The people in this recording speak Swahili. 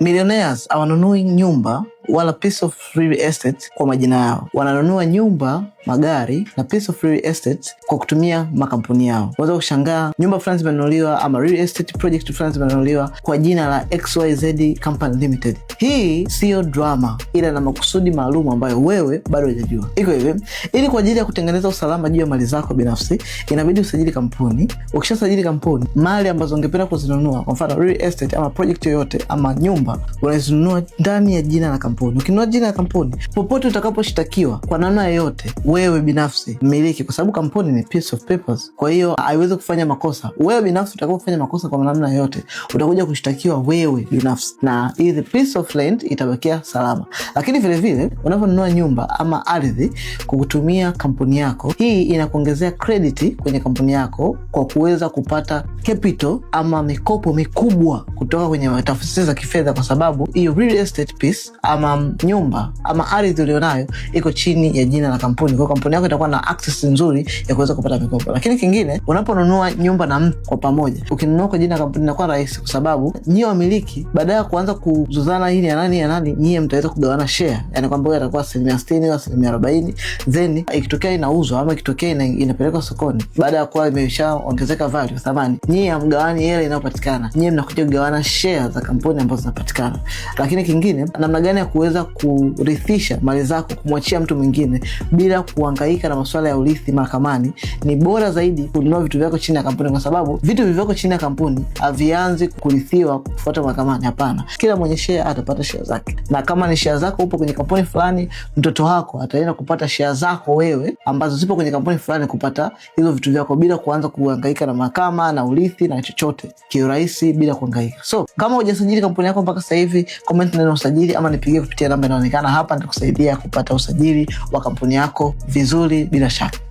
Millionaires hawanunui nyumba wala piece of real estate kwa majina yao. Wananunua nyumba, magari na piece of real estate kwa kutumia makampuni yao. Unaweza kushangaa nyumba fulani zimenunuliwa ama real estate project fulani zimenunuliwa kwa jina la XYZ Company Limited. Hii siyo drama, ila na makusudi maalum ambayo wewe bado hujajua. Iko hivi, ili kwa ajili ya kutengeneza usalama juu ya mali zako binafsi, inabidi usajili kampuni. Ukishasajili kampuni, mali ambazo ungependa kuzinunua, kwa mfano real estate ama project yoyote ama nyumba, unazinunua ndani ya jina la kampuni kampuni. Ukinunua jina ya kampuni, popote utakaposhtakiwa kwa namna yoyote, wewe binafsi mmiliki, kwa sababu kampuni ni piece of papers, kwa hiyo haiwezi kufanya makosa. Wewe binafsi utakapofanya makosa kwa namna yoyote, utakuja kushtakiwa wewe binafsi, na hii piece of land itabakia salama. Lakini vilevile unavyonunua nyumba ama ardhi kwa kutumia kampuni yako, hii inakuongezea krediti kwenye kampuni yako kwa kuweza kupata capital ama mikopo mikubwa kutoka kwenye taasisi za kifedha, kwa sababu hiyo real estate piece ama nyumba ama ardhi ulionayo iko chini ya jina la kampuni. Kwa kampuni yako itakuwa na access nzuri ya kuweza kupata mikopo. Lakini kingine, unaponunua nyumba na mtu kwa pamoja, ukinunua kwa jina la kampuni inakuwa rahisi, kwa sababu nyie wamiliki, baada ya kuanza kuzuzana ni ya nani ya nani, nyie mtaweza kugawana share, yani kwamba huyo atakuwa asilimia sitini au asilimia arobaini then ikitokea inauzwa ama ikitokea inapelekwa sokoni, baada ya kuwa imeshaongezeka value thamani nyie amgawani hela inayopatikana, nyie mnakuja kugawana shea za kampuni ambazo zinapatikana. Lakini kingine, namna gani ya kuweza kurithisha mali zako, kumwachia mtu mwingine bila kuangaika na maswala ya urithi mahakamani, ni bora zaidi kununua vitu vyako chini ya kampuni, kwa sababu vitu vilivyoko chini ya kampuni havianzi kurithiwa kufuata mahakamani. Hapana, kila mwenye shea atapata shea zake, na kama ni shea zako upo kwenye kampuni fulani, mtoto wako ataenda kupata shea zako wewe ambazo zipo kwenye kampuni fulani, kupata hizo vitu vyako bila kuanza kuangaika na mahakama na urithi urithi na chochote kiurahisi bila kuangaika So kama hujasajili kampuni yako mpaka sasa hivi, comment neno usajili ama nipigie kupitia namba inaonekana hapa, nitakusaidia kupata usajili wa kampuni yako vizuri bila shaka.